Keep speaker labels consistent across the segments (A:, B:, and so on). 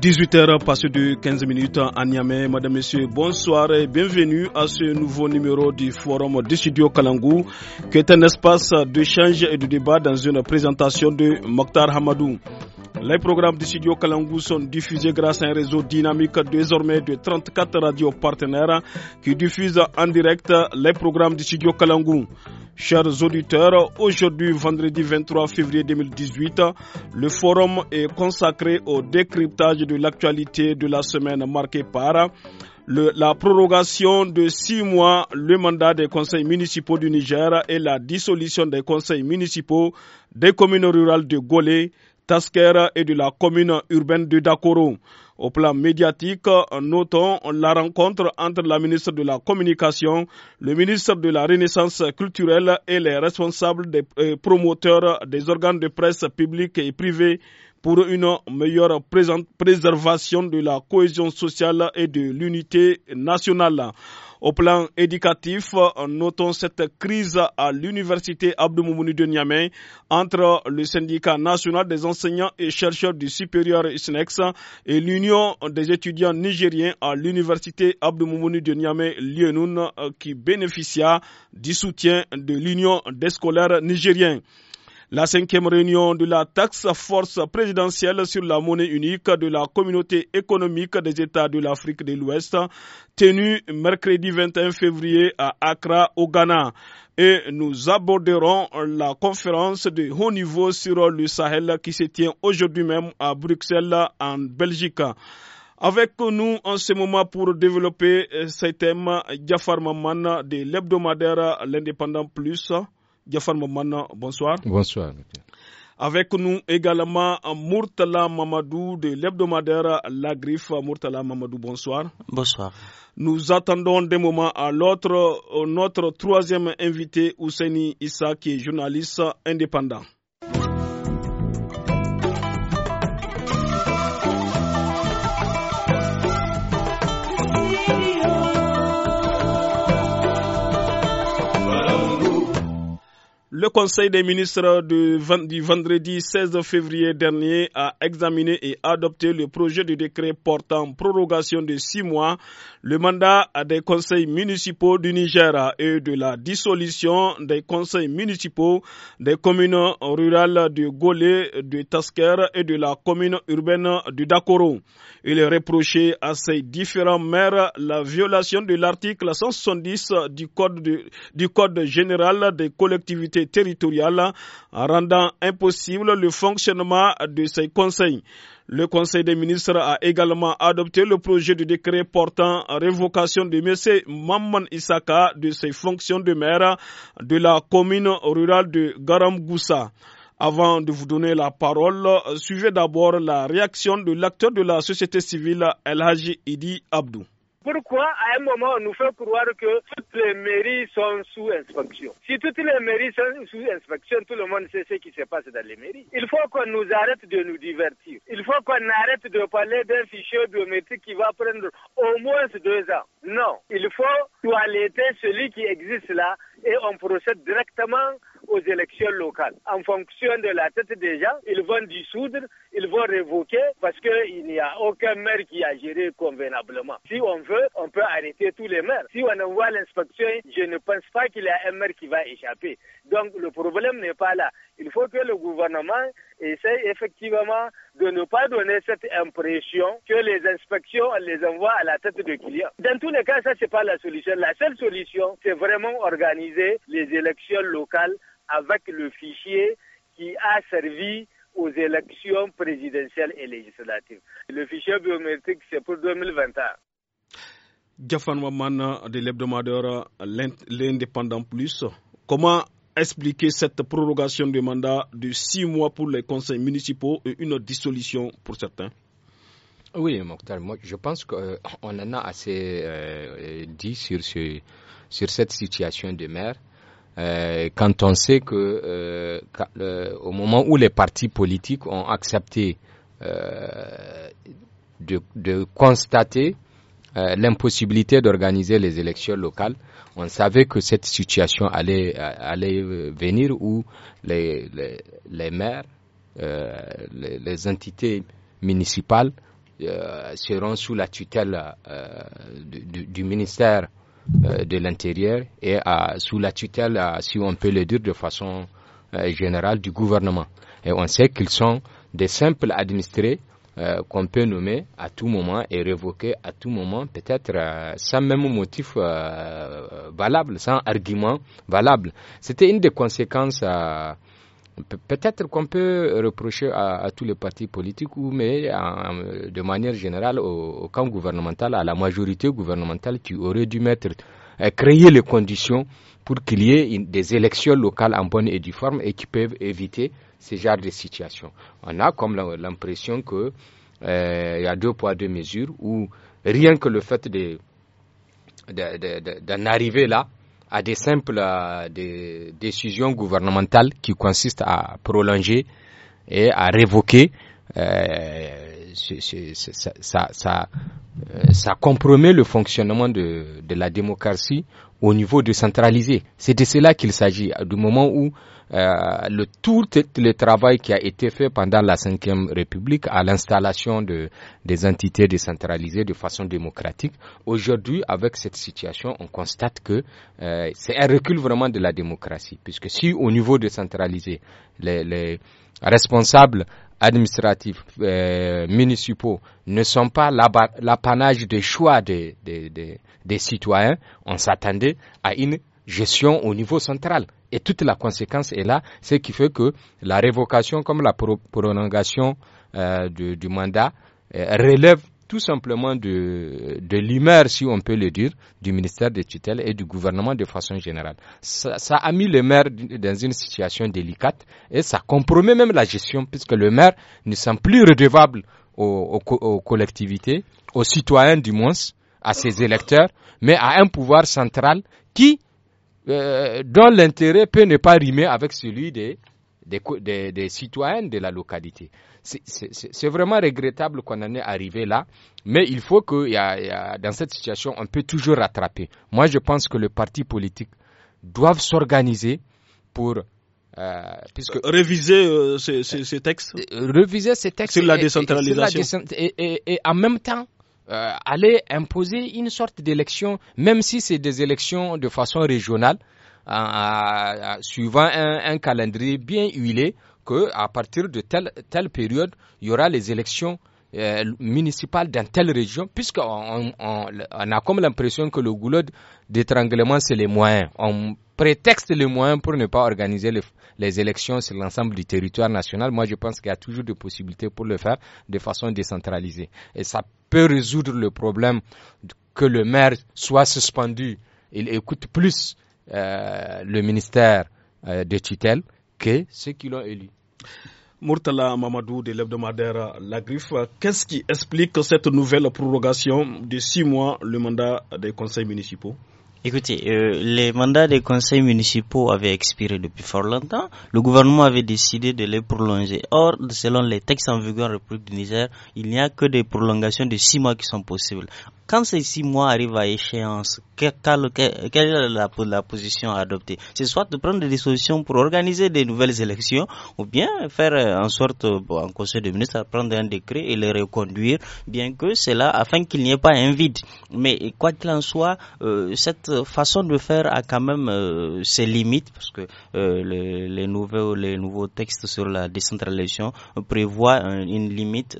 A: 18h passé de 15 minutes à Niamey. Madame, Monsieur, bonsoir et bienvenue à ce nouveau numéro du Forum du Studio Kalangou, qui est un espace d'échange et de débat dans une présentation de Mokhtar Hamadou. Les programmes du studio Kalangou sont diffusés grâce à un réseau dynamique désormais de 34 radios partenaires qui diffusent en direct les programmes du studio Kalangou. Chers auditeurs, aujourd'hui, vendredi 23 février 2018, le forum est consacré au décryptage de l'actualité de la semaine marquée par la prorogation de six mois le mandat des conseils municipaux du Niger et la dissolution des conseils municipaux des communes rurales de Golé, Tasker et de la commune urbaine de Dakoro. Au plan médiatique, notons la rencontre entre la ministre de la Communication, le ministre de la Renaissance culturelle et les responsables des euh, promoteurs des organes de presse publics et privés pour une meilleure préservation de la cohésion sociale et de l'unité nationale. Au plan éducatif, euh, notons cette crise à l'université Abdou Moumouni de Niamey entre le syndicat national des enseignants et chercheurs du supérieur ISNEX et l'union des étudiants nigériens à l'université Abdou de Niamey Lienoun euh, qui bénéficia du soutien de l'union des scolaires nigériens. La cinquième réunion de la taxe force présidentielle sur la monnaie unique de la communauté économique des États de l'Afrique de l'Ouest, tenue mercredi 21 février à Accra, au Ghana. Et nous aborderons la conférence de haut niveau sur le Sahel qui se tient aujourd'hui même à Bruxelles, en Belgique. Avec nous en ce moment pour développer ce thème, Jafar Maman de l'hebdomadaire L'Indépendant Plus bonsoir. Bonsoir. Avec nous également Murtala Mamadou de l'hebdomadaire La Griffe. Murtala Mamadou, bonsoir. Bonsoir. Nous attendons des moment à l'autre euh, notre troisième invité, Ousseini Issa, qui est journaliste indépendant. Le Conseil des ministres du, vendredi 16 février dernier a examiné et adopté le projet de décret portant prorogation de six mois le mandat des conseils municipaux du Niger et de la dissolution des conseils municipaux des communes rurales de Golé, de Tasker et de la commune urbaine du Dakoro. Il est reproché à ces différents maires la violation de l'article 170 du code, du code général des collectivités territoriale, rendant impossible le fonctionnement de ces conseils. Le Conseil des ministres a également adopté le projet de décret portant révocation de M. Mamman Isaka de ses fonctions de maire de la commune rurale de Garamgoussa. Avant de vous donner la parole, suivez d'abord la réaction de l'acteur de la société civile El Haji Idi Abdou.
B: Pourquoi, à un moment, on nous fait croire que toutes les mairies sont sous inspection Si toutes les mairies sont sous inspection, tout le monde sait ce qui se passe dans les mairies. Il faut qu'on nous arrête de nous divertir. Il faut qu'on arrête de parler d'un fichier biométrique qui va prendre au moins deux ans. Non, il faut toiletter celui qui existe là et on procède directement aux élections locales. En fonction de la tête des gens, ils vont dissoudre, ils vont révoquer parce qu'il n'y a aucun maire qui a géré convenablement. Si on veut, on peut arrêter tous les maires. Si on envoie l'inspection, je ne pense pas qu'il y a un maire qui va échapper. Donc le problème n'est pas là. Il faut que le gouvernement essaye effectivement de ne pas donner cette impression que les inspections les envoient à la tête de client. Dans tous les cas, ça c'est pas la solution. La seule solution, c'est vraiment organiser les élections locales avec le fichier qui a servi aux élections présidentielles et législatives. Le fichier biométrique, c'est pour 2021.
A: Waman de l'hebdomadaire L'Indépendant Plus, comment expliquer cette prorogation de mandat de six mois pour les conseils municipaux et une dissolution
C: pour certains Oui, Mokhtar, moi, je pense qu'on euh, en a assez euh, dit sur, cette situation de maire. Euh, quand on sait que au moment où les partis politiques ont accepté de, constater euh, l'impossibilité d'organiser les élections locales, on savait que cette situation allait, euh, allait euh, venir où les, les, maires, euh, les, entités municipales euh, seront sous la tutelle du, ministère de l'Intérieur et sous la tutelle, si on peut le dire de façon générale, du gouvernement. Et on sait qu'ils sont des simples administrés euh, qu'on peut nommer à tout moment et révoquer à tout moment, peut-être euh, sans même motif euh, valable, sans argument valable. C'était une des conséquences. Peut-être qu'on peut reprocher à, tous les partis politiques, mais de manière générale au, camp gouvernemental, à la majorité gouvernementale qui aurait dû mettre, créer les conditions pour qu'il y ait des élections locales en bonne et due forme et qui peuvent éviter ce genre de situation. On a comme l'impression que euh, il y a deux poids, deux mesures, où rien que le fait d'en arriver là, à des simples euh, des décisions gouvernementales qui consistent à prolonger et à révoquer, euh, ça, ça, compromet le fonctionnement de, la démocratie au niveau de centralisé. C'est de cela qu'il s'agit, du moment où euh, le, tout le travail qui a été fait pendant la Ve République à l'installation de, des entités décentralisées de façon démocratique. Aujourd'hui, avec cette situation, on constate que euh, c'est un recul vraiment de la démocratie, puisque si au niveau décentralisé, les, les responsables administratifs euh, municipaux ne sont pas l'apanage des choix des, des, des citoyens, on s'attendait à une gestion au niveau central. Et toute la conséquence est là, ce qui fait que la révocation comme la prolongation euh, du, du, mandat euh, relève tout simplement de, de l'humeur, si on peut le dire, du ministère des tutelles et du gouvernement de façon générale. Ça, a mis le maire dans une situation délicate et ça compromet même la gestion puisque le maire ne sent plus redevable aux, aux, aux collectivités, aux citoyens du moins, à ses électeurs, mais à un pouvoir central qui euh, dont l'intérêt peut ne pas rimer avec celui des, des, des, citoyens de la localité. C'est vraiment regrettable qu'on en est arrivé là, mais il faut que y y a, dans cette situation, on peut toujours rattraper. Moi, je pense que les partis politiques doivent s'organiser pour euh, puisque réviser euh, ces, ces, ces, textes, réviser ces textes sur la décentralisation et, et, et en même temps euh, aller imposer une sorte d'élection, même si c'est des élections de façon régionale, euh, euh, suivant un, calendrier bien huilé, que à partir de telle, telle période, il y aura les élections euh, municipal dans telle région, puisqu'on on, a comme l'impression que le goulot d'étranglement, c'est les moyens. On prétexte les moyens pour ne pas organiser les, élections sur l'ensemble du territoire national. Moi, je pense qu'il y a toujours des possibilités pour le faire de façon décentralisée. Et ça peut résoudre le problème que le maire soit suspendu. Il écoute plus euh, le ministère euh, de tutelle que
A: ceux qui l'ont élu. Murtala Mamadou de l'hebdomadaire La Griffe, qu'est-ce qui explique cette nouvelle prorogation de six mois le mandat des conseils
D: municipaux Écoutez, euh, les mandats des conseils municipaux avaient expiré depuis fort longtemps. Le gouvernement avait décidé de les prolonger. Or, selon les textes en vigueur en République du Niger, il n'y a que des prolongations de six mois qui sont possibles. Quand ces six mois arrivent à échéance, quelle, est la, position à adopter C'est soit de prendre des solutions pour organiser des nouvelles élections, ou bien faire euh, en sorte, en conseil ministre ministres, prendre un décret et les reconduire, bien que cela, afin qu'il n'y ait pas un vide. Mais quoi qu'il en soit, euh, cette cette euh, façon de faire a quand même euh, ses limites parce que euh, les, nouveaux, les nouveaux textes sur la décentralisation prévoient une limite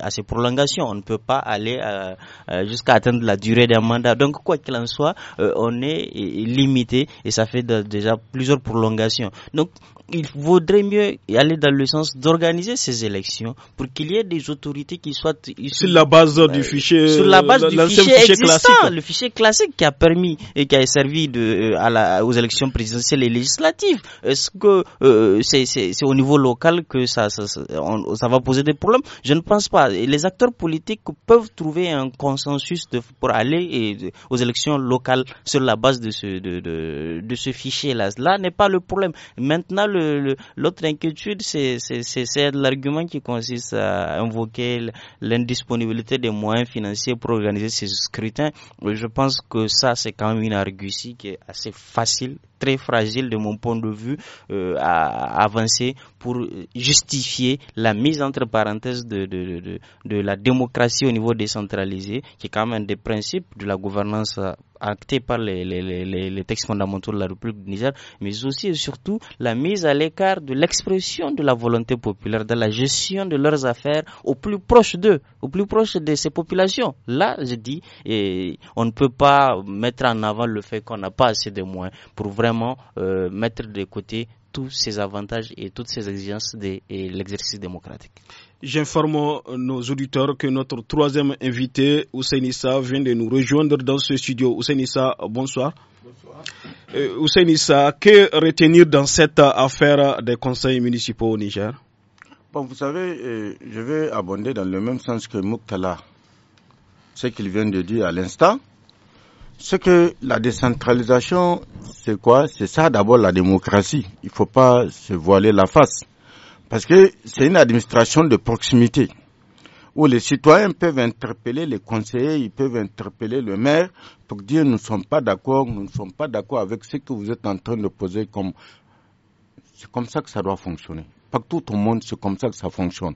D: à ces prolongations. On ne peut pas aller jusqu'à atteindre la durée d'un mandat. Donc quoi qu'il en soit, on est limité et ça fait déjà plusieurs prolongations. Donc il vaudrait mieux aller dans le sens d'organiser ces élections pour qu'il y ait des autorités qui soient sur la base du euh, fichier sur la base euh, du fichier, classique. le fichier classique qui a permis et qui a servi euh, aux élections présidentielles et législatives. Est-ce que c'est au niveau local que ça va poser des problèmes Je ne pense pas. Les acteurs politiques peuvent trouver un consensus pour aller aux élections locales sur la base de ce de ce fichier là. Là n'est pas le problème. Maintenant l'autre inquiétude, c'est l'argument qui consiste à invoquer l'indisponibilité des moyens financiers pour organiser ces scrutins. Je pense que ça, c'est quand même une argutie qui est assez facile très fragile de mon point de vue euh, à avancer pour justifier la mise entre parenthèses de, de, la démocratie au niveau décentralisé, qui est quand même des principes de la gouvernance euh, actée par les, textes fondamentaux de la République du Niger, mais aussi et surtout la mise à l'écart de l'expression de la volonté populaire, de la gestion de leurs affaires au plus proche d'eux, au plus proche de ces populations. Là, je dis, on ne peut pas mettre en avant le fait qu'on n'a pas assez de moyens pour vraiment vraiment euh, mettre de côté tous ces avantages et toutes ces exigences de l'exercice démocratique. J'informe
A: nos auditeurs que notre troisième invité, Ousseinissa, vient de nous rejoindre dans ce studio. Ousseinissa, bonsoir. Bonsoir. Euh, que retenir dans cette affaire des conseils municipaux au Niger
E: Bon, vous savez, euh, je vais abonder dans le même sens que Moukala, Ce qu'il vient de dire à l'instant, c'est que la décentralisation c'est quoi C'est ça d'abord la démocratie. Il ne faut pas se voiler la face. Parce que c'est une administration de proximité où les citoyens peuvent interpeller les conseillers, ils peuvent interpeller le maire pour dire nous ne sommes pas d'accord, nous ne sommes pas d'accord avec ce que vous êtes en train de poser comme... C'est comme ça que ça doit fonctionner. Pas tout au monde, c'est comme ça que ça fonctionne.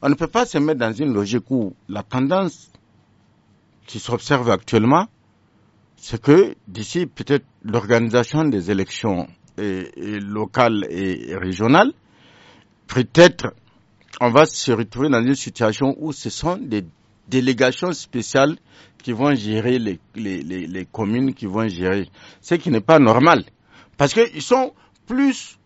E: On ne peut pas se mettre dans une logique où la tendance qui s'observe actuellement, c'est que d'ici peut-être l'organisation des élections locales et, régionales, peut-être on va se retrouver dans une situation où ce sont des délégations spéciales qui vont gérer les, les communes, qui vont gérer, ce qui n'est pas normal. Parce qu'ils sont plus,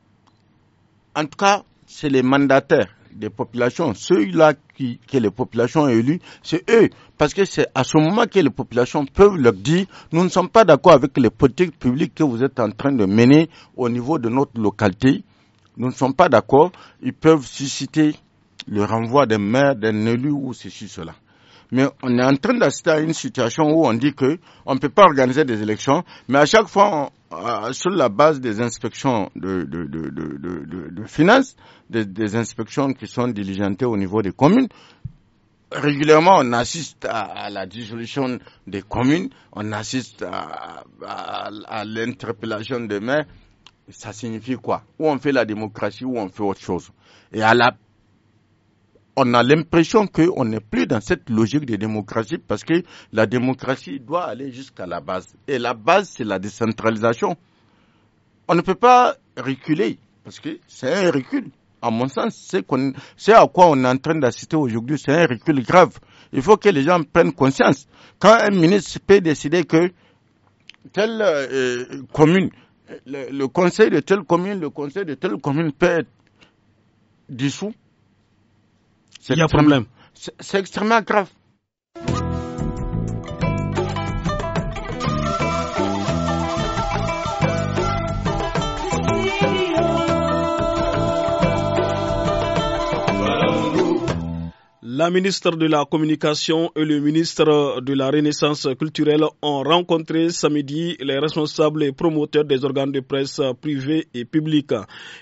E: en tout cas, c'est les mandataires des populations, ceux-là qui, que les populations ont élus, c'est eux. Parce que c'est à ce moment que les populations peuvent leur dire, nous ne sommes pas d'accord avec les politiques publiques que vous êtes en train de mener au niveau de notre localité. Nous ne sommes pas d'accord. Ils peuvent susciter le renvoi des maires, d'un élu ou ceci, cela mais on est en train d'assister à une situation où on dit que on ne peut pas organiser des élections, mais à chaque fois, euh, sur la base des inspections de, finances, des, inspections qui sont diligentées au niveau des communes, régulièrement, on assiste à, la dissolution des communes, on assiste à, l'interpellation des maires. Ça signifie quoi Où on fait la démocratie ou on fait autre chose. Et à la on a l'impression qu'on n'est plus dans cette logique de démocratie parce que la démocratie doit aller jusqu'à la base. Et la base, c'est la décentralisation. On ne peut pas reculer parce que c'est un recul. À mon sens, c'est à quoi on est en train d'assister aujourd'hui, c'est un recul grave. Il faut que les gens prennent conscience. Quand un ministre peut décider que telle euh, commune, le, le conseil de telle commune, le conseil de telle commune peut être dissous, il y a problème. C'est extrêmement grave.
A: La ministre de la Communication et le ministre de la Renaissance culturelle ont rencontré samedi les responsables et promoteurs des organes de presse privés et publics.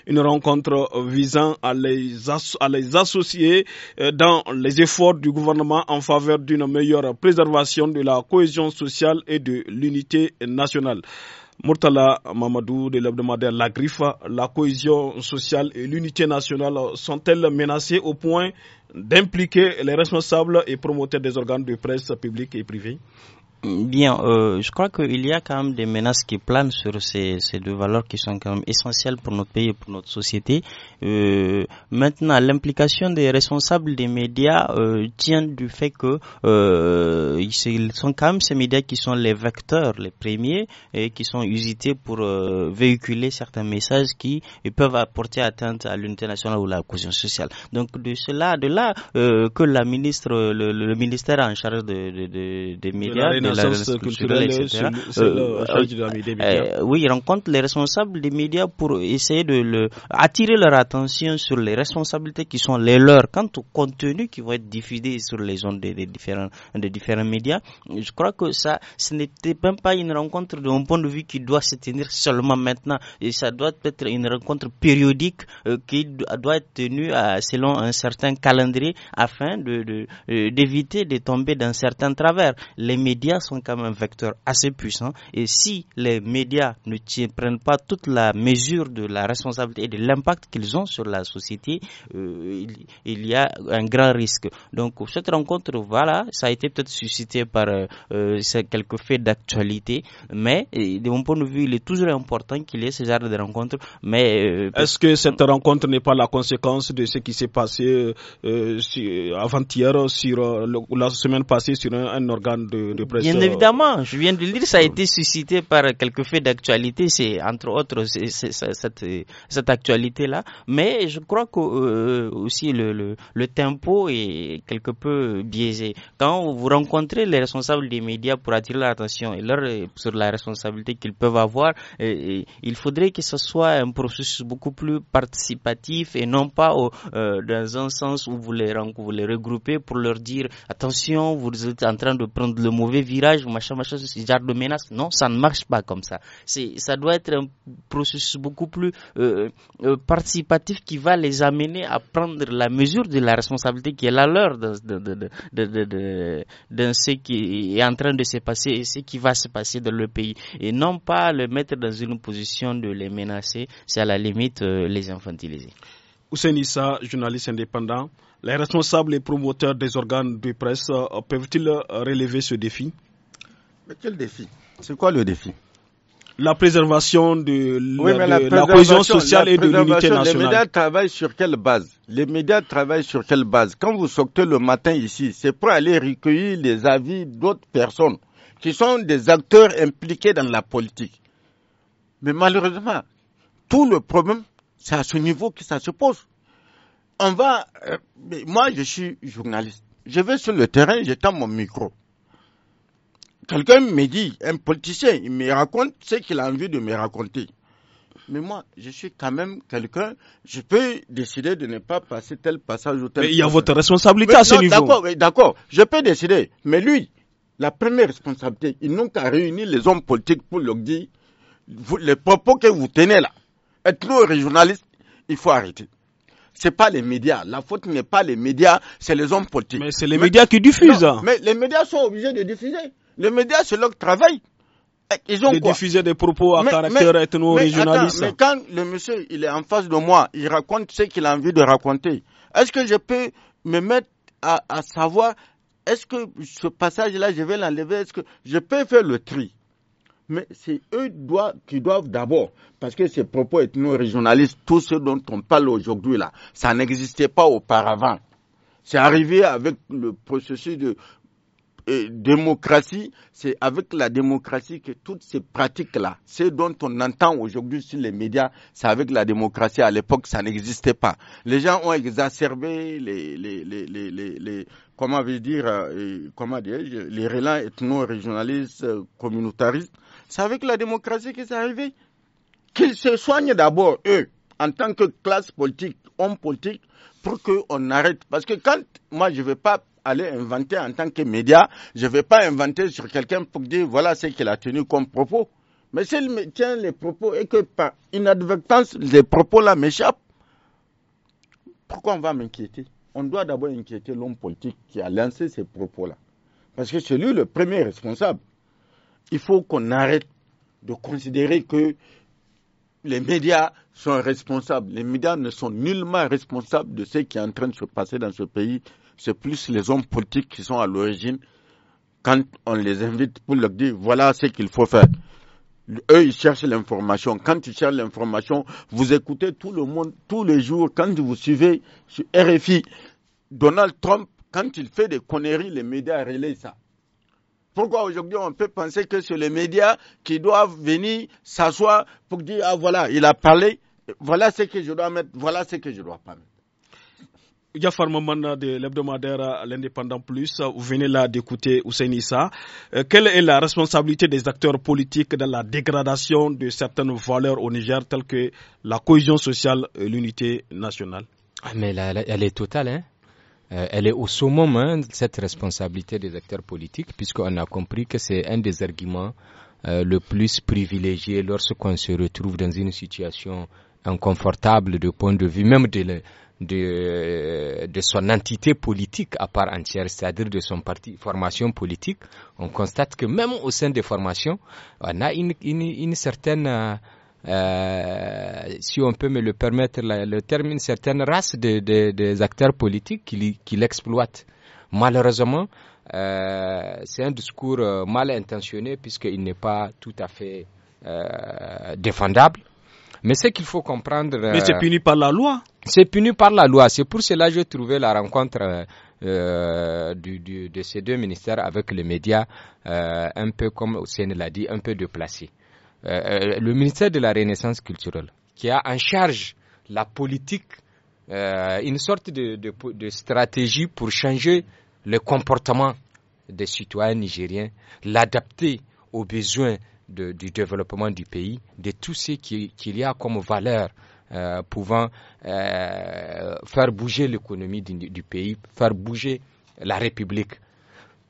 A: Une rencontre visant à les, à les associer euh, dans les efforts du gouvernement en faveur d'une meilleure préservation de la cohésion sociale et de l'unité nationale. Murtala Mamadou de l'hebdomadaire La Griffe, la cohésion sociale et l'unité nationale sont-elles menacées au point d'impliquer les responsables et promoteurs des organes de presse publics et privés
D: Bien, euh, je crois qu'il y a quand même des menaces qui planent sur ces, ces, deux valeurs qui sont quand même essentielles pour notre pays et pour notre société. Euh, maintenant, l'implication des responsables des médias euh, tient du fait que euh, ils sont quand même ces médias qui sont les vecteurs, les premiers, et qui sont usités pour véhiculer certains messages qui peuvent apporter atteinte à l'unité nationale ou à la cohésion sociale. Donc de cela, de là que la ministre, le, ministère en charge de, des médias. Euh, euh, euh, oui, il rencontre les responsables des médias pour essayer de le, attirer leur attention sur les responsabilités qui sont les leurs quant au contenu qui va être diffusé sur les ondes des, différents, des différents médias. Je crois que ça, ce n'était même pas une rencontre d'un point de vue qui doit se tenir seulement maintenant. Et ça doit être une rencontre périodique qui doit être tenue selon un certain calendrier afin de d'éviter de, de, tomber dans certains travers. Les médias sont quand même un vecteur assez puissant. Et si les médias ne prennent pas toute la mesure de la responsabilité et de l'impact qu'ils ont sur la société, euh, il, y a un grand risque. Donc cette rencontre, voilà, ça a été peut-être suscité par euh, euh, quelques faits d'actualité, mais de mon point de vue, il est toujours important qu'il y ait ce genre de rencontre. Mais est-ce que cette rencontre n'est pas la conséquence de ce qui s'est passé avant-hier
A: sur la semaine passée sur un, organe de, de bien
D: évidemment, je viens de le dire, ça a été suscité par quelques faits d'actualité, c'est entre autres cette, actualité-là. Mais je crois que euh, aussi le, tempo est quelque peu biaisé. Quand vous rencontrez les responsables des médias pour attirer l'attention et leur sur la responsabilité qu'ils peuvent avoir, il faudrait que ce soit un processus beaucoup plus participatif et non pas euh, dans un sens où vous les, les regroupez pour leur dire attention, vous êtes en train de prendre le mauvais virus ou machin, machin, ce genre de menace. Non, ça ne marche pas comme ça. Ça doit être un processus beaucoup plus euh, euh, participatif qui va les amener à prendre la mesure de la responsabilité qui est la leur dans, de, ce qui est en train de se passer et ce qui va se passer dans le pays. Et non pas le mettre dans une position de les menacer, c'est à la limite euh, les infantiliser. Hussein journaliste indépendant, les responsables et promoteurs des
A: organes de presse peuvent-ils relever ce défi quel défi C'est quoi le défi la préservation de la, cohésion sociale et de l'unité nationale. Les médias
E: travaillent sur quelle base Les médias travaillent sur quelle base Quand vous sortez le matin ici, c'est pour aller recueillir les avis d'autres personnes qui sont des acteurs impliqués dans la politique. Mais malheureusement, tout le problème, c'est à ce niveau que ça se pose. On va, euh, moi je suis journaliste, je vais sur le terrain, j'étends mon micro. Quelqu'un me dit, un politicien, il me raconte ce qu'il a envie de me raconter. Mais moi, je suis quand même quelqu'un, je peux décider de ne pas passer tel passage ou tel. Mais il y a votre responsabilité à ce niveau. D'accord, d'accord, je peux décider. Mais lui, la première responsabilité, il n'ont qu'à réunir les hommes politiques pour leur dire, les propos que vous tenez là, être journaliste, il faut arrêter Ce n'est pas les médias. La faute n'est pas les médias, c'est les hommes politiques. Mais
A: c'est les médias qui diffusent. Hein. mais
E: les médias sont obligés de diffuser. Les médias, c'est leur travail. Ils ont de diffuser
A: des propos à caractère ethno-régionaliste. Mais
E: quand le monsieur il est en face de moi, il raconte ce qu'il a envie de raconter. Est-ce que je peux me mettre à, savoir est-ce que ce passage-là, je vais l'enlever Est-ce que je peux faire le tri Mais c'est eux qui doivent d'abord, parce que ces propos ethno-régionalistes, tout ce dont on parle aujourd'hui là, ça n'existait pas auparavant. C'est arrivé avec le processus de démocratie, c'est avec la démocratie que toutes ces pratiques-là, ce dont on entend aujourd'hui sur les médias, c'est avec la démocratie. À l'époque, ça n'existait pas. Les gens ont exacerbé les, les, les, les, les comment dire, euh, comment dire, les relents ethno-régionalistes, euh, communautaristes. C'est avec la démocratie que c'est arrivé. Qu'ils se soignent d'abord, eux, en tant que classe politique, hommes politique, pour qu'on arrête. Parce que quand, moi, je ne vais pas aller inventer en tant que média. Je ne vais pas inventer sur quelqu'un pour dire voilà ce qu'il a tenu comme propos. Mais s'il me tient les propos et que par inadvertance, les propos-là m'échappent, pourquoi on va m'inquiéter On doit d'abord inquiéter l'homme politique qui a lancé ces propos-là. Parce que c'est lui le premier responsable. Il faut qu'on arrête de considérer que les médias sont responsables. Les médias ne sont nullement responsables de ce qui est en train de se passer dans ce pays c'est plus les hommes politiques qui sont à l'origine quand on les invite pour leur dire voilà ce qu'il faut faire. Eux, ils cherchent l'information. Quand ils cherchent l'information, vous écoutez tout le monde, tous les jours, quand vous suivez sur RFI. Donald Trump, quand il fait des conneries, les médias relaient ça. Pourquoi aujourd'hui on peut penser que c'est les médias qui doivent venir s'asseoir pour dire ah voilà, il a parlé, voilà ce que je dois mettre, voilà ce que je dois pas mettre.
A: Yafar Maman de l'hebdomadaire L'Indépendant Plus, vous venez là d'écouter Hussein Issa. Euh, quelle est la responsabilité des acteurs politiques dans la dégradation de certaines valeurs au Niger, telles que la cohésion sociale et l'unité nationale
C: ah, elle est totale. Hein euh, elle est au summum, hein, de cette responsabilité des acteurs politiques, puisqu'on a compris que c'est un des arguments euh, le plus privilégié lorsqu'on se retrouve dans une situation inconfortable du point de vue même de, de, de, son entité politique à part entière, c'est-à-dire de son parti, formation politique, on constate que même au sein des formations, on a une, une, certaine, euh, euh, si on peut me le permettre, le terme, une certaine race de, des acteurs politiques qui, l'exploitent. Malheureusement, euh, c'est un discours mal intentionné puisqu'il n'est pas tout à fait défendable mais c'est qu'il faut comprendre. Euh, Mais c'est puni par la loi. C'est puni par la loi. C'est pour cela que j'ai trouvé la rencontre euh, du, de ces deux ministères avec les médias euh, un peu, comme Ossène l'a dit, un peu déplacé. Euh, le ministère de la Renaissance culturelle, qui a en charge la politique, une sorte de, de, de, stratégie pour changer le comportement des citoyens nigériens, l'adapter aux besoins du développement du pays, de tout ce qu'il y a comme valeur euh, pouvant euh, faire bouger l'économie du, pays, faire bouger la République.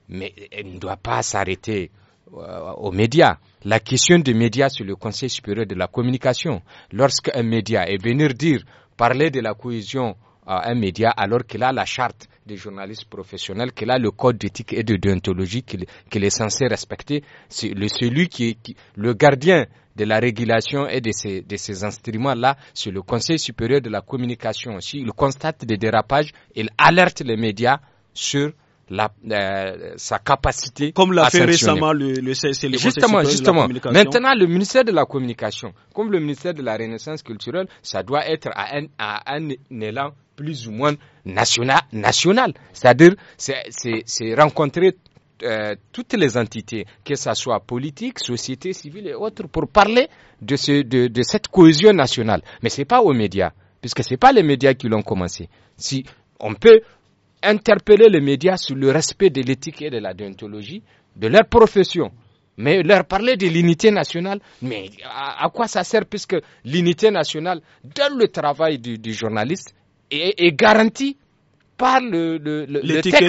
C: Mais elle ne doit pas s'arrêter euh, aux médias. La question des médias sur le Conseil supérieur de la communication, lorsqu'un média est venu dire, parler de la cohésion un média alors qu'il a la charte des journalistes professionnels, qu'il a le code d'éthique et de déontologie qu'il est censé respecter. C'est celui qui est le gardien de la régulation et de ces, de ces instruments-là, c'est le Conseil supérieur de la communication aussi. Il constate des dérapages, il alerte les médias sur la, euh, sa capacité. Comme l'a fait récemment le, le Justement, justement. Maintenant, le ministère de la Communication, comme le ministère de la Renaissance culturelle, ça doit être à un, à un élan plus ou moins national. national. C'est-à-dire, c'est rencontrer euh, toutes les entités, que ce soit politique, société civile et autres, pour parler de, ce, de, de cette cohésion nationale. Mais ce n'est pas aux médias, puisque ce n'est pas les médias qui l'ont commencé. Si on peut interpeller les médias sur le respect de l'éthique et de la déontologie de leur profession. Mais leur parler de l'unité nationale, mais à, quoi ça sert puisque l'unité nationale, dans le travail du, journaliste, est, est garantie par le, le, le, texte, l'éthique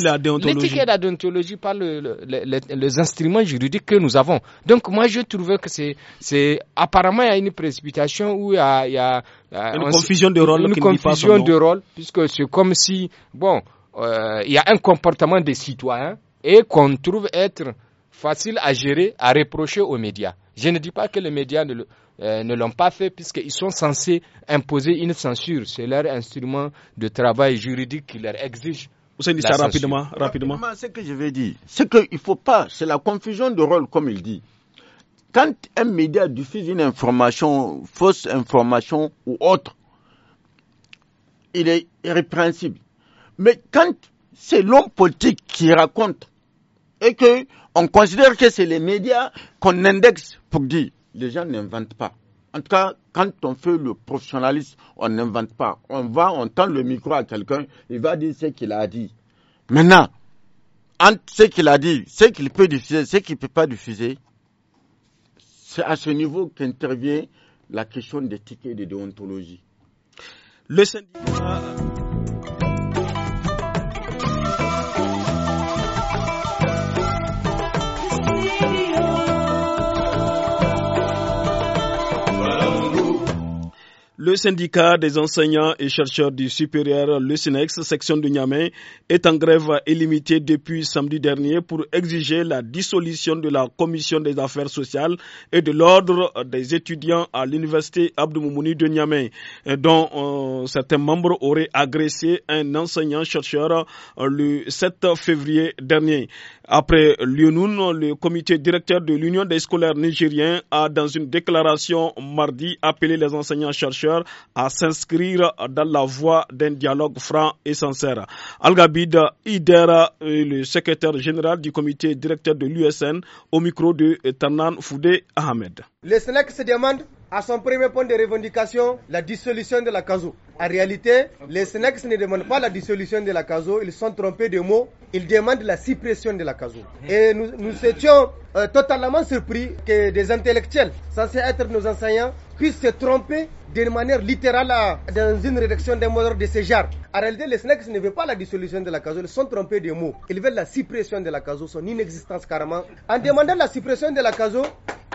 C: et la déontologie, par les instruments juridiques que nous avons. Donc moi je trouvais que c'est c'est apparemment il y a une précipitation où il y a, il y a euh, une confusion de rôle, une confusion de rôle, puisque c'est comme si bon euh, il y a un comportement des citoyens et qu'on trouve être facile à gérer, à reprocher aux médias. Je ne dis pas que les médias ne, euh, l'ont pas fait puisqu'ils sont censés imposer une censure. C'est leur instrument de travail juridique qui leur exige. Vous dit ça rapidement, rapidement.
E: ce que je veux dire, ce qu'il ne faut pas, c'est la confusion de rôle comme il dit. Quand un média diffuse une information, fausse information ou autre, il est irrépréhensible. Mais quand c'est l'homme politique qui raconte et que on considère que c'est les médias qu'on indexe pour dire, les gens n'inventent pas. En tout cas, quand on fait le professionnalisme, on n'invente pas. On va, on tend le micro à quelqu'un, il va dire ce qu'il a dit. Maintenant, entre ce qu'il a dit, ce qu'il peut diffuser, ce qu'il ne peut pas diffuser, c'est à ce niveau qu'intervient la question d'éthique et de déontologie.
A: Le Le syndicat des enseignants et chercheurs du supérieur, le SINEX, section de Niamey, est en grève illimitée depuis samedi dernier pour exiger la dissolution de la commission des affaires sociales et de l'ordre des étudiants à l'université Abdoumouni de Niamey, dont euh, certains membres auraient agressé un enseignant-chercheur euh, le 7 février dernier. Après Lyonoun, le comité directeur de l'Union des scolaires nigériens a, dans une déclaration mardi, appelé les enseignants-chercheurs à s'inscrire dans la voie d'un dialogue franc et sincère. Al-Ghabid Idera, le secrétaire général du comité directeur de l'USN, au micro de Tannan Foudé Ahmed.
F: Le SNEC se demande à son premier point de revendication la dissolution de la CASO. En réalité, les SNEX ne demandent pas la dissolution de la CASO, ils sont trompés de mots, ils demandent la suppression de la CASO. Et nous, étions euh, totalement surpris que des intellectuels censés être nos enseignants puissent se tromper d'une manière littérale dans une rédaction des mot de ce genre. En réalité, les SNEX ne veulent pas la dissolution de la CASO, ils sont trompés de mots. Ils veulent la suppression de la CASO, son inexistence carrément. En demandant la suppression de la CASO,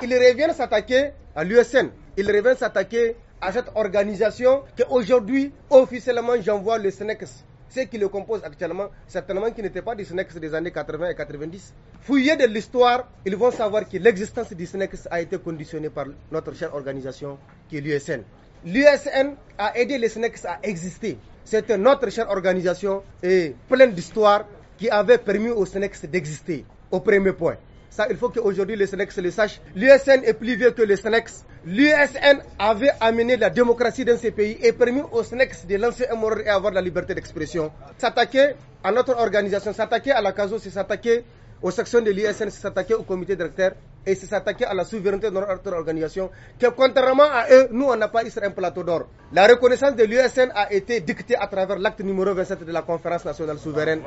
F: ils reviennent s'attaquer à l'USN, ils reviennent s'attaquer à cette organisation qu'aujourd'hui, officiellement, j'envoie le SNEX ce qui le compose actuellement, certainement qui n'était pas du SNEX des années 80 et 90. Fouillés de l'histoire, ils vont savoir que l'existence du SNEX a été conditionnée par notre chère organisation qui est l'USN. L'USN a aidé les SNEX à exister. C'est notre chère organisation et pleine d'histoire qui avait permis au SNEX d'exister, au premier point. Ça, il faut qu'aujourd'hui les SNEX le sachent. L'USN est plus vieux que les SNEX l'USN avait amené la démocratie dans ces pays et permis aux SNEX de lancer un mort et avoir la liberté d'expression. S'attaquer à notre organisation, s'attaquer à la CASO, s'attaquer aux sections de l'USN, s'attaquer au comité directeur et s'attaquer à la souveraineté de notre organisation. Que contrairement à eux, nous, on n'a pas ici un plateau d'or. La reconnaissance de l'USN a été dictée à travers l'acte numéro 27 de la Conférence nationale souveraine.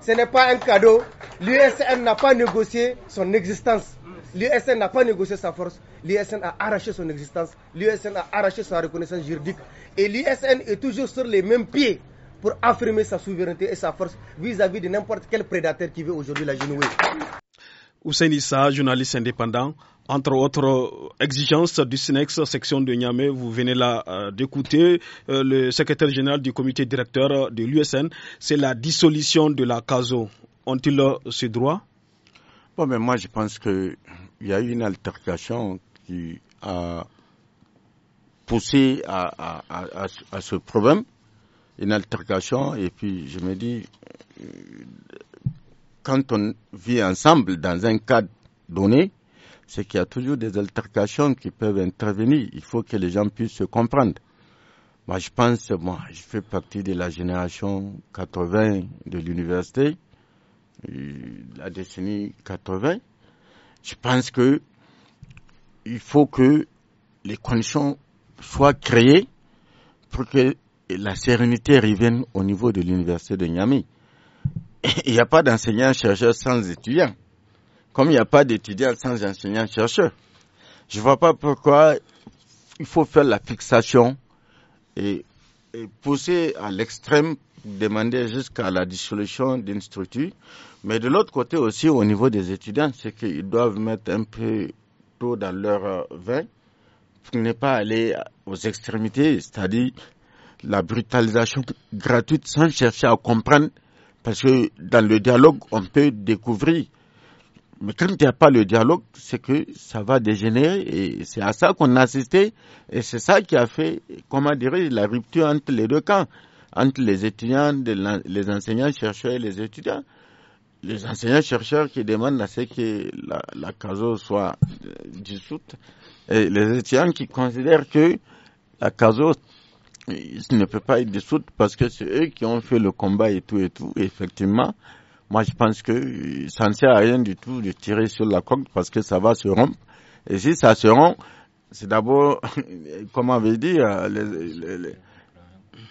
F: Ce n'est pas un cadeau. L'USN n'a pas négocié son existence. L'USN n'a pas négocié sa force, l'USN a arraché son existence, l'USN a arraché sa reconnaissance juridique. Et l'USN est toujours sur les mêmes pieds pour affirmer sa souveraineté et sa force vis-à-vis de n'importe quel prédateur qui veut aujourd'hui la genouer.
A: Hussein Issa, journaliste indépendant, entre autres euh, exigences du SINEX, section de Niamey. Vous venez là euh, d'écouter euh, le secrétaire général du comité directeur de l'USN. C'est la dissolution de la CASO. Ont-ils ce droit
E: mais moi, je pense que il y a eu une altercation qui a poussé à, à, ce problème, une altercation, et puis je me dis, euh, quand on vit ensemble dans un cadre donné, c'est qu'il y a toujours des altercations qui peuvent intervenir. Il faut que les gens puissent se comprendre. Moi, je pense, moi, je fais partie de la génération 80 de l'université, euh, la décennie 80 je pense que il faut que les conditions soient créées pour que la sérénité revienne au niveau de l'université de Niamey. Il n'y a pas d'enseignants-chercheurs sans étudiants, comme il n'y a pas d'étudiants sans enseignants-chercheurs. Je ne vois pas pourquoi il faut faire la fixation et pousser à l'extrême, demander jusqu'à la dissolution d'une structure mais de l'autre côté aussi, au niveau des étudiants, c'est qu'ils doivent mettre un peu d'eau dans leur euh, vin pour ne pas aller aux extrémités, c'est-à-dire la brutalisation gratuite sans chercher à comprendre, parce que dans le dialogue, on peut découvrir. Mais quand il n'y a pas le dialogue, c'est que ça va dégénérer et c'est à ça qu'on a assisté et c'est ça qui a fait, comment dire, la rupture entre les deux camps, entre les étudiants, les enseignants, chercheurs et les étudiants les enseignants-chercheurs qui demandent à ce que la, la CASO soit euh, dissoute, et les étudiants qui considèrent que la CASO ne peut pas être dissoute parce que c'est eux qui ont fait le combat et tout et tout. effectivement, moi je pense que euh, ça ne sert à rien du tout de tirer sur la coque parce que ça va se rompre. Et si ça se rompt, c'est d'abord, comment on veut dire, euh, les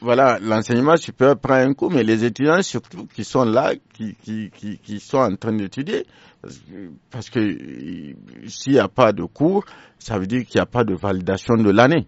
E: voilà, l'enseignement supérieur prend un coup, mais les étudiants surtout qui sont là, qui, qui, qui, sont en train d'étudier, parce, parce que, s'il n'y a pas de cours, ça veut dire qu'il n'y a pas de validation de l'année.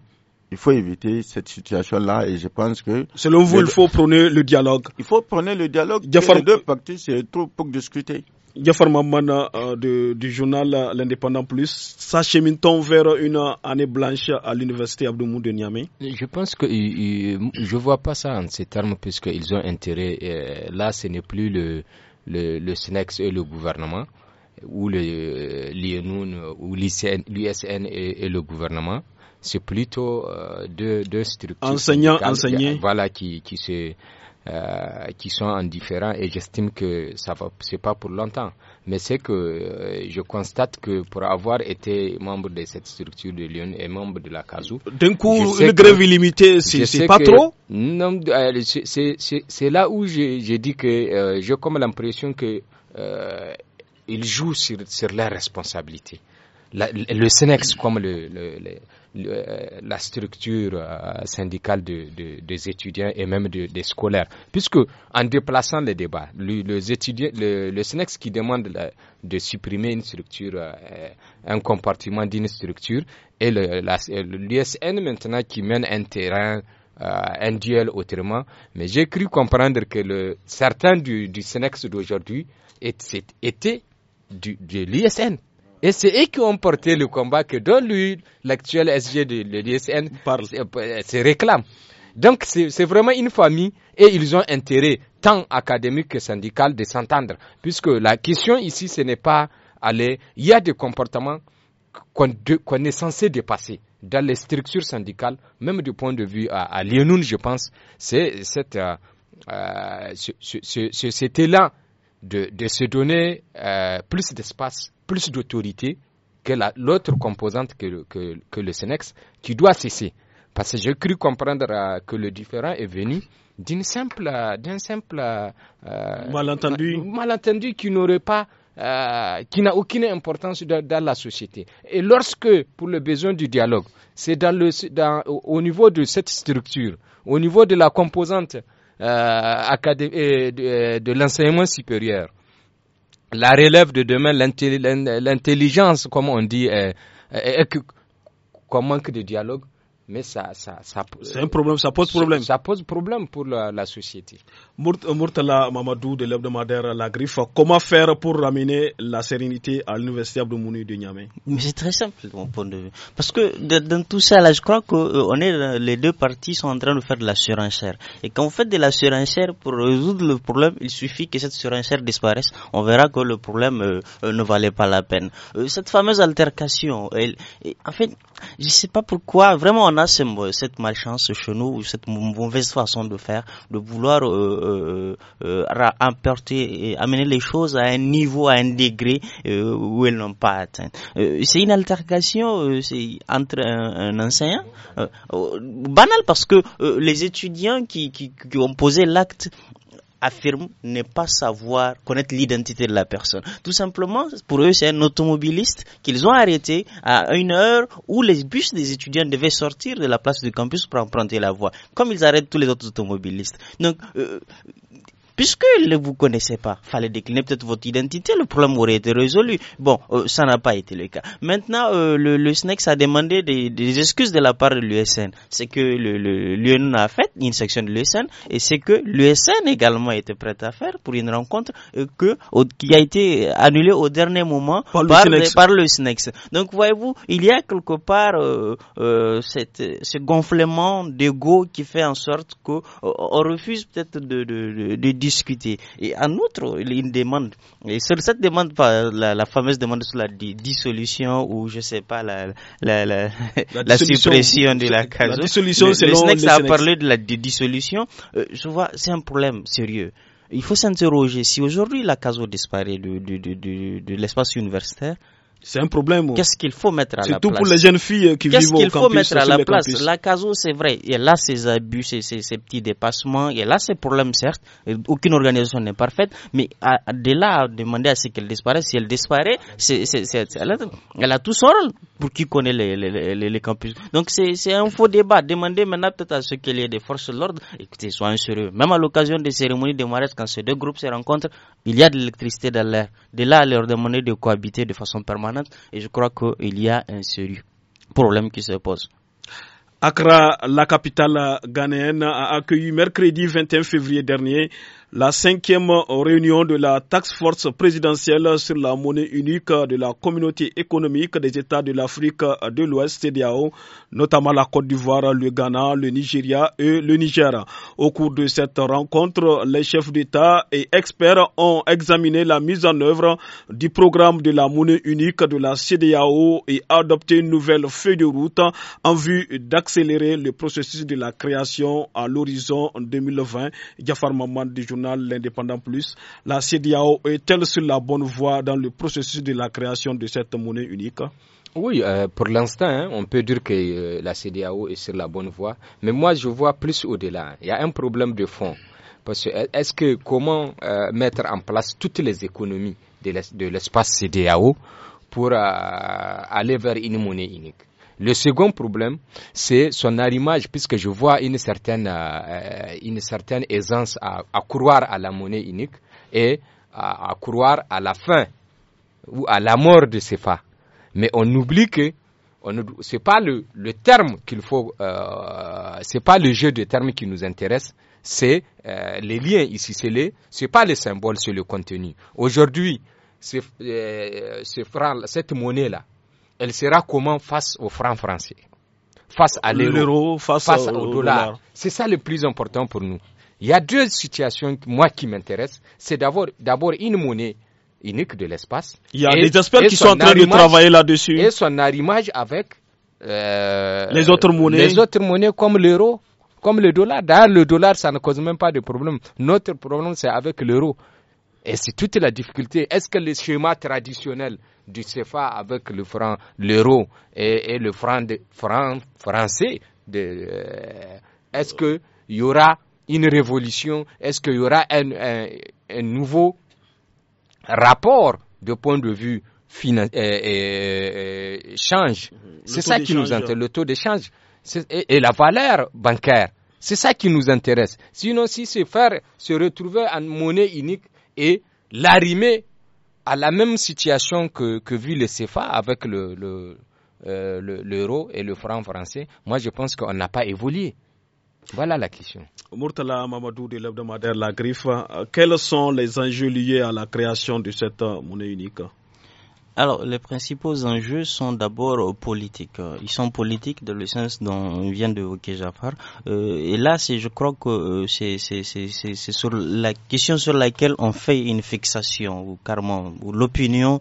E: Il faut éviter cette situation-là et je
A: pense que... Selon vous, il faut prendre le dialogue. Il faut prendre le dialogue. les deux parties c'est trop pour discuter. Jafar un euh, du journal euh, L'Indépendant Plus, chemine t on vers une euh, année blanche à l'université Mou de Niamey
C: Je pense que je ne vois pas ça en ces termes, puisqu'ils ont intérêt. Euh, là, ce n'est plus le, le, SNEX et le gouvernement, ou l'INUN, ou l'USN et, le gouvernement c'est plutôt deux, deux, structures. Enseignants, enseignants Voilà, qui, qui se euh, qui sont indifférents et j'estime que ça va c'est pas pour longtemps mais c'est que euh, je constate que pour avoir été membre de cette structure de Lyon et membre de la CASU d'un coup une grève illimitée c'est pas trop non euh, c'est là où j'ai dit que j'ai comme l'impression que ils jouent sur, sur responsabilité le SENEX comme le, euh, la structure euh, syndicale des étudiants et même des scolaires. Puisque en déplaçant les débats, les le, SENEX qui demande de supprimer une structure, euh, un compartiment d'une structure, et l'USN maintenant qui mène un terrain un duel autrement. Mais j'ai cru comprendre que le, certains du, SENEX d'aujourd'hui étaient du, de l'ISN. Et c'est eux qui ont porté le combat que dans lui, l'actuel SG de l'ISN, euh, se réclame. Donc c'est vraiment une famille et ils ont intérêt, tant académique que syndical, de s'entendre. Puisque la question ici, ce n'est pas aller. Il y a des comportements qu'on est censé dépasser dans les structures syndicales, même du point de vue à, à je pense, c'est cette, euh, euh de, se donner euh, plus d'espace plus d'autorité que l'autre composante que, que, que, le Senex qui doit cesser. Parce que j'ai cru comprendre euh, que le différent est venu d'une simple, euh, d'un simple euh, malentendu. malentendu qui n'aurait pas, qui n'a aucune importance dans, la société. Et lorsque, pour le besoin du dialogue, c'est dans le, dans, au niveau de cette structure, au niveau de la composante euh, de l'enseignement supérieur, la relève de demain, l'intelligence, comme on dit, est, est, manque de dialogue, mais ça, c'est un problème, ça pose problème. Ça,
A: pose problème pour la, la société. Murtala Mamadou de l'hebdomadaire La Griffe, comment faire pour ramener la sérénité à l'université Abdoumouni de Niamey Mais c'est très simple, mon point
D: de vue. Parce que dans tout ça, là, je crois que euh, on est, euh, les deux parties sont en train de faire de la surenchère. Et quand on fait de la surenchère pour résoudre le problème, il suffit que cette surenchère disparaisse. On verra que le problème euh, ne valait pas la peine. cette fameuse altercation, en fait, je ne sais pas pourquoi, vraiment, on a cette malchance chez nous, ou cette mauvaise façon de faire, de vouloir euh, euh, euh emporter et amener les choses à un niveau, à un degré euh, où elles n'ont pas atteint. c'est une altercation entre un, enseignant, banal parce que les étudiants qui ont posé l'acte affirme ne pas savoir connaître l'identité de la personne. Tout simplement, pour eux, c'est un automobiliste qu'ils ont arrêté à une heure où les bus des étudiants devaient sortir de la place du campus pour emprunter la voie, comme ils arrêtent tous les autres automobilistes. Donc, euh, puisque vous connaissez pas. Fallait décliner peut-être votre identité, le problème aurait été résolu. Bon, euh, ça n'a pas été le cas. Maintenant, euh, le, le SNEX a demandé des, excuses de la part de l'USN. C'est que le l'UN a fait, une section de l'USN, et c'est que l'USN également était prête à faire pour une rencontre euh, que, qui a été annulée au dernier moment par le, SNEX. Donc, voyez-vous, il y a quelque part cette, ce gonflement d'ego qui fait en sorte qu'on refuse peut-être de, de, de et en outre, une demande, et sur cette demande, la, la fameuse demande sur la dissolution ou je sais pas, la, suppression de la CASO, la dissolution, le, le a parlé de la dissolution, euh, je vois, c'est un problème sérieux. Il faut s'interroger si aujourd'hui la CASO disparaît de l'espace universitaire, c'est un problème. Oh. Qu'est-ce qu'il faut mettre à la place tout pour les jeunes filles euh, qui vivent au campus. Qu'est-ce qu'il faut mettre à la place La CASO, c'est vrai. Il y a là ces abus, ces, ces, petits dépassements. Il y a là ces problèmes, certes. Euh, aucune organisation n'est parfaite. Mais de là à demander à ce qu'elle disparaisse, si elle disparaît, elle, a, tout son rôle pour qui connaît les, campus. Donc c'est un faux débat. Demandez maintenant peut-être à ce qu'il y ait des forces de l'ordre. Écoutez, soyez sérieux. Même à l'occasion des cérémonies de mariage, quand ces deux groupes se rencontrent, il y a de l'électricité dans l'air. De là leur demander de cohabiter de façon permanente et je crois qu'il y a un sérieux problème qui se pose.
A: Accra, la capitale ghanéenne, a accueilli mercredi 21 février dernier la cinquième réunion de la taxe force présidentielle sur la monnaie unique de la communauté économique des États de l'Afrique de l'Ouest, CDAO, notamment la Côte d'Ivoire, le Ghana, le Nigeria et le Niger. Au cours de cette rencontre, les chefs d'État et experts ont examiné la mise en œuvre du programme de la monnaie unique de la CDAO et adopté une nouvelle feuille de route en vue d'accélérer le processus de la création à l'horizon 2020. Jafar L'Indépendant Plus, la CDAO est-elle
C: sur la bonne voie dans le processus de la création de cette monnaie unique oui, euh, pour l'instant, hein, on peut dire que euh, la CDAO est sur la bonne voie, mais moi je vois plus au-delà. Il y a un problème de fond. Parce que est-ce que comment euh, mettre en place toutes les économies de l'espace CDAO pour aller vers une monnaie unique le second problème, c'est son arrimage, puisque je vois une certaine, euh, une certaine aisance à, à croire à la monnaie unique et à, à croire à la fin ou à la mort de CFA. Mais on oublie que ce n'est pas le, le terme qu'il faut, euh, c'est pas le jeu de termes qui nous intéresse, c'est euh, les liens ici, c'est les, c'est pas le symboles, c'est le contenu. Aujourd'hui, euh, cette monnaie-là, elle sera comment face au franc français, face à l'euro, face, au, dollar. C'est ça le plus important pour nous. Il y a deux situations, moi, qui m'intéressent. C'est d'abord une monnaie unique de l'espace. Il y a des experts qui sont en train de travailler là-dessus. Et son arrimage avec euh, les autres monnaies. Les autres monnaies comme l'euro, comme le dollar. D'ailleurs, le dollar, ça ne cause même pas de problème. Notre problème, c'est avec l'euro. Et c'est toute la difficulté. Est-ce que le schéma traditionnel du CFA avec le franc, l'euro et, le franc, de, français, euh, est-ce qu'il y aura une révolution Est-ce qu'il y aura un, nouveau rapport de point de vue finan, change C'est ça qui nous intéresse, le taux d'échange et, et la valeur bancaire. C'est ça qui nous intéresse. Sinon, si c'est faire se retrouver en monnaie unique, et l'arrimer à la même situation que, que vit le CFA avec euh, l'euro et le franc français, moi je pense qu'on n'a pas évolué. Voilà la question. Murtala Mamadou de l'hebdomadaire La Griffe, euh,
A: quels sont les enjeux liés à
C: la création
A: de cette monnaie unique
D: alors, les principaux enjeux sont d'abord politiques. Euh, ils sont politiques dans le sens dont vient d'évoquer Jafar. Euh, et là, c'est je crois que euh, c'est sur la question sur laquelle on fait une fixation, ou carrément, ou l'opinion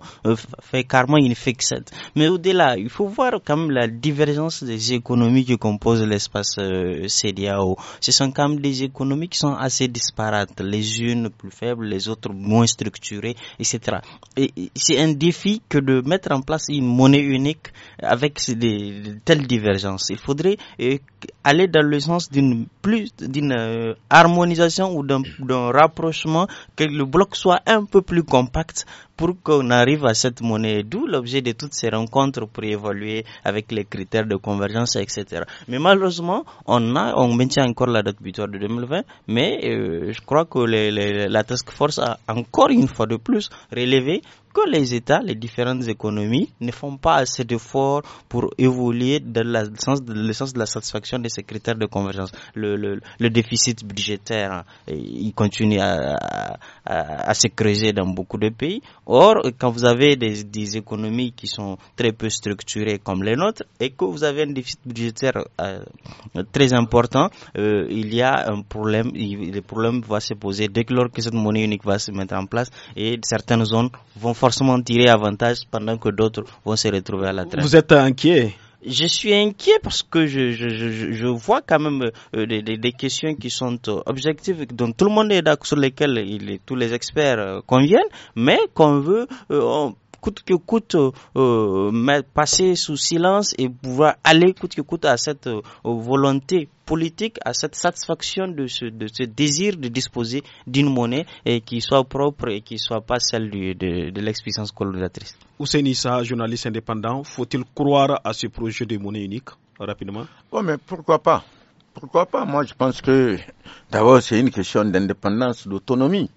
D: fait carrément une fixette. Mais au-delà, il faut voir quand même la divergence des économies qui composent l'espace euh, CDAO. Ce sont quand même des économies qui sont assez disparates, les unes plus faibles, les autres moins structurées, etc. Et c'est un défi que de mettre en place une monnaie unique avec des, de telles divergences. Il faudrait euh, aller dans le sens d'une plus d'une euh, harmonisation ou d'un rapprochement, que le bloc soit un peu plus compact pour qu'on arrive à cette monnaie. D'où l'objet de toutes ces rencontres pour évoluer avec les critères de convergence, etc. Mais malheureusement, on a, on maintient encore la date butoir de 2020, mais euh, je crois que la task force a encore une fois de plus relevé que les États, les différentes économies, ne font pas assez d'efforts pour évoluer dans le sens, le sens de la satisfaction de ces critères de convergence. Le, déficit budgétaire, hein, il continue à, se creuser dans beaucoup de pays. Or, quand vous avez des, économies qui sont très peu structurées comme les nôtres et que vous avez un déficit budgétaire euh, très important, euh, il y a un problème, le problème va se poser dès que, que cette monnaie unique va se mettre en place et certaines zones vont forcément tirer avantage pendant que d'autres vont se retrouver à la traîne.
A: Vous êtes inquiet
D: je suis inquiet parce que je, je, je, vois quand même des, euh, questions qui sont euh, objectives, dont tout le monde est d'accord, sur lesquelles tous les experts euh, conviennent, mais qu'on veut, coûte que coûte euh, passer sous silence et pouvoir aller coûte que coûte à cette euh, volonté politique, à cette satisfaction de ce, désir de disposer d'une monnaie qui soit propre et qui soit pas celle de, de, de l'expuissance colonisatrice. journaliste indépendant, faut-il croire à ce
A: projet de monnaie unique rapidement Oui, mais pourquoi pas
E: Pourquoi pas Moi, je pense que d'abord, c'est une question d'indépendance, d'autonomie.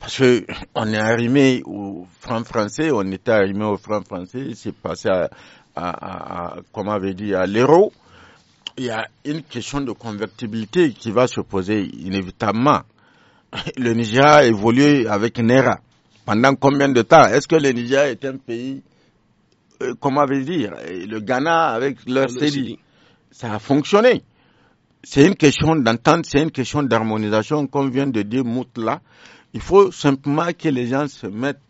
E: Parce qu'on est arrivé au franc français, on était arrivé au franc français, c'est passé à, à, à, avait dit, à l'euro. Il y a une question de convertibilité qui va se poser inévitablement. Le Niger a évolué avec Nera. Pendant combien de temps Est-ce que le Niger est un pays, euh, comment avait dire, le Ghana avec leur CDI, Ça a fonctionné c'est une question d'entente, c'est une question d'harmonisation, comme vient de dire Moutla. Il faut simplement que les gens se mettent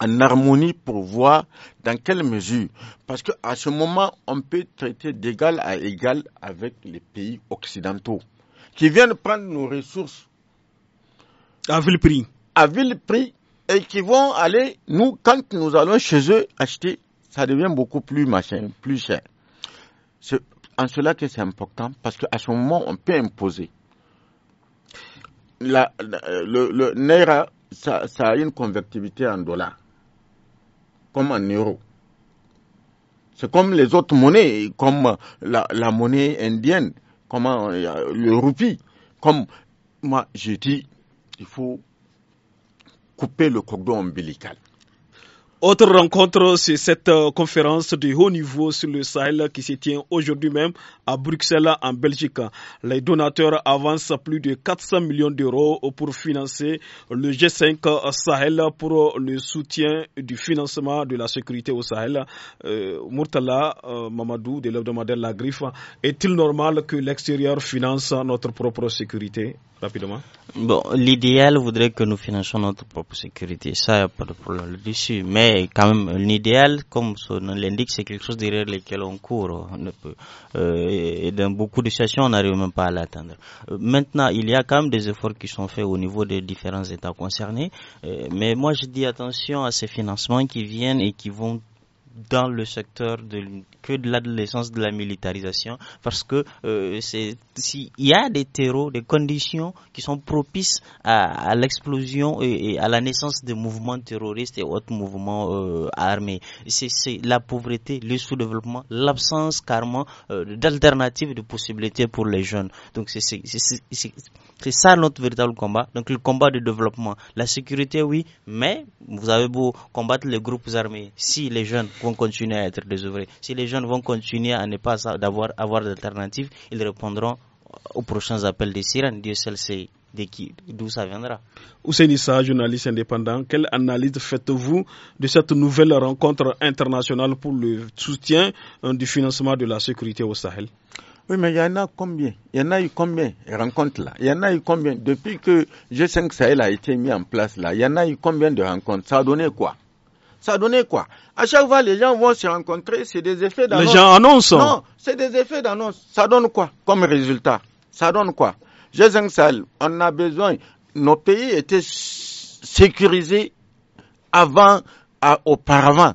E: en harmonie pour voir dans quelle mesure. Parce qu'à ce moment, on peut traiter d'égal à égal avec les pays occidentaux qui viennent prendre nos ressources. À vil prix. À vil prix et qui vont aller, nous, quand nous allons chez eux acheter, ça devient beaucoup plus machin, plus cher. C'est en cela que c'est important parce qu'à ce moment, on peut imposer la, le, le Naira, ça, a une convertibilité en dollars, comme en euros. C'est comme les autres monnaies, comme la, monnaie indienne, comme euh, le roupie. Comme moi, j'ai dit, il faut couper le cordon ombilical.
A: Autre rencontre, c'est cette euh, conférence de haut niveau sur le Sahel qui se tient aujourd'hui même à Bruxelles, en Belgique. Les donateurs avancent plus de 400 millions d'euros pour financer le G5 Sahel pour le soutien du financement de la sécurité au Sahel. Euh, Murtala euh, Mamadou de l'hebdomadaire La Griffe, est-il normal que l'extérieur finance notre propre sécurité
D: Bon, l'idéal voudrait que nous finançons notre propre sécurité. Ça, il n'y a pas de problème dessus Mais quand même, l'idéal, comme son nom l'indique, c'est quelque chose derrière lequel on court. Euh, et dans beaucoup de situations, on n'arrive même pas à l'atteindre. Euh, maintenant, il y a quand même des efforts qui sont faits au niveau des différents États concernés. Euh, mais moi, je dis attention à ces financements qui viennent et qui vont dans le secteur de, que de l'adolescence de la militarisation, parce que euh, s'il y a des terreaux, des conditions qui sont propices à, à l'explosion et, à la naissance de mouvements terroristes et autres mouvements euh, armés. C'est la pauvreté, le sous-développement, l'absence carrément euh, d'alternatives, de possibilités pour les jeunes. Donc c'est c'est ça notre véritable combat. Donc le combat de développement. La sécurité, oui, mais vous avez beau combattre les groupes armés. Si les jeunes vont continuer à être désœuvrés. Si les jeunes vont continuer à ne pas avoir, d'alternatives, ils répondront aux prochains appels des sirènes. Dieu seul sait d'où ça viendra.
A: Ousénissa, journaliste indépendant, quelle analyse faites-vous de cette nouvelle rencontre internationale pour le soutien euh, du financement de la sécurité au Sahel oui, mais il y en a combien Il y en a eu combien rencontres
E: là Il y en a eu combien Depuis que G5 Sahel a été mis en place là, il y en a eu combien de rencontres Ça a donné quoi ça donnait quoi À chaque fois, les gens vont se rencontrer, c'est des effets d'annonce. Les gens annoncent. Non, c'est des effets d'annonce. Ça donne quoi comme résultat Ça donne quoi Jésus Sal, on a besoin. Nos pays étaient sécurisés avant, auparavant.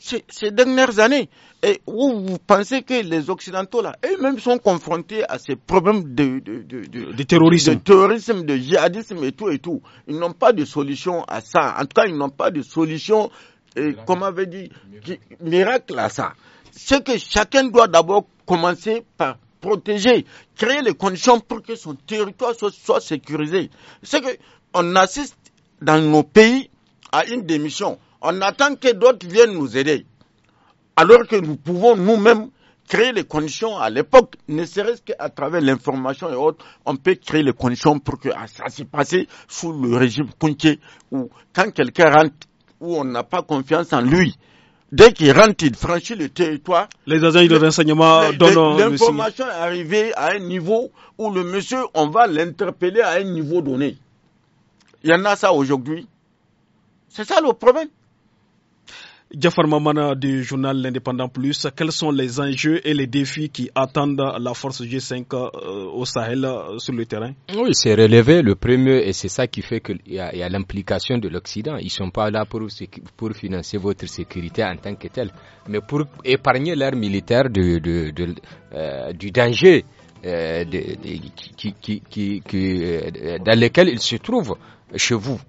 E: ces dernières années, et où vous pensez que les Occidentaux, là, eux-mêmes sont confrontés à ces problèmes de, terrorisme. de terrorisme, de djihadisme et tout et tout. Ils n'ont pas de solution à ça. En tout cas, ils n'ont pas de solution, euh, comme avait dit, miracle à ça. C'est que chacun doit d'abord commencer par protéger, créer les conditions pour que son territoire soit, soit sécurisé. C'est que on assiste dans nos pays à une démission. On attend que d'autres viennent nous aider alors que nous pouvons nous-mêmes créer les conditions à l'époque, ne serait-ce qu'à travers l'information et autres, on peut créer les conditions pour que ah, ça s'est passé sous le régime contier Ou quand quelqu'un rentre, où on n'a pas confiance en lui, dès qu'il rentre, il franchit le territoire.
A: Les agents de renseignement donnent l'information
E: est arrivée à un niveau où le monsieur, on va l'interpeller à un niveau donné. Il y en a ça aujourd'hui. C'est ça le problème.
A: Jafar Mamana du journal L'Indépendant Plus, quels sont les enjeux et les défis qui attendent la force G5 euh, au Sahel euh, sur le terrain
C: Oui, c'est relevé le premier et c'est ça qui fait qu'il y a, l'implication de l'Occident. Ils ne sont pas là pour, financer votre sécurité en tant que telle, mais pour épargner l'air militaire euh, du danger. dans lequel ils se trouvent chez vous.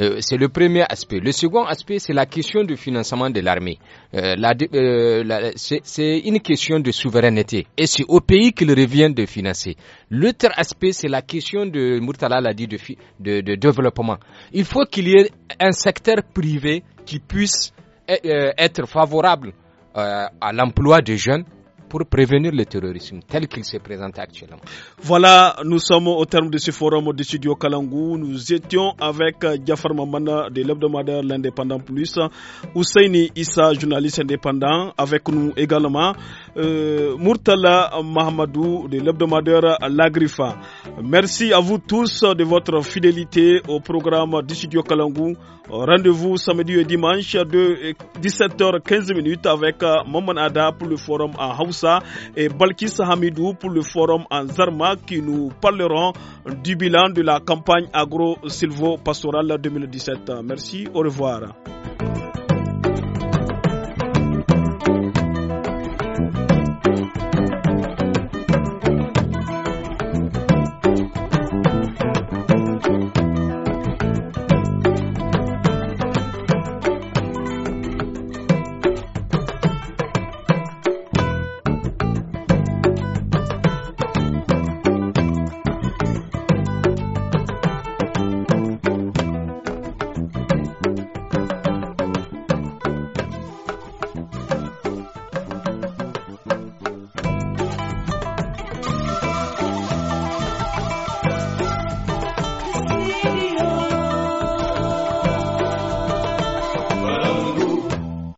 C: Euh, c'est le premier aspect. Le second aspect, c'est la question du financement de l'armée. Euh, euh, c'est une question de souveraineté et c'est au pays qu'il revient de financer. L'autre aspect, c'est la question de, Murtala l'a dit, de développement. Il faut qu'il y ait un secteur privé qui puisse eh, être favorable à l'emploi des jeunes pour prévenir le terrorisme tel qu'il se présente actuellement. Voilà, nous sommes
A: au terme de ce forum de studio Kalangou. Nous étions avec euh, Jafar Mamana de l'hebdomadaire L'Indépendant Plus, Ousseini Issa, journaliste indépendant, avec nous également euh, Murtala Mahamadou de l'hebdomadaire L'Agrifa. Merci à vous tous de votre fidélité au programme du studio Kalangou. Rendez-vous samedi et dimanche de 17h15 euh, avec Maman Ada pour le forum à Hausa et Balkis Hamidou pour le forum en Zarma qui nous parleront du bilan de la campagne agro-silvo-pastorale 2017. Merci, au revoir.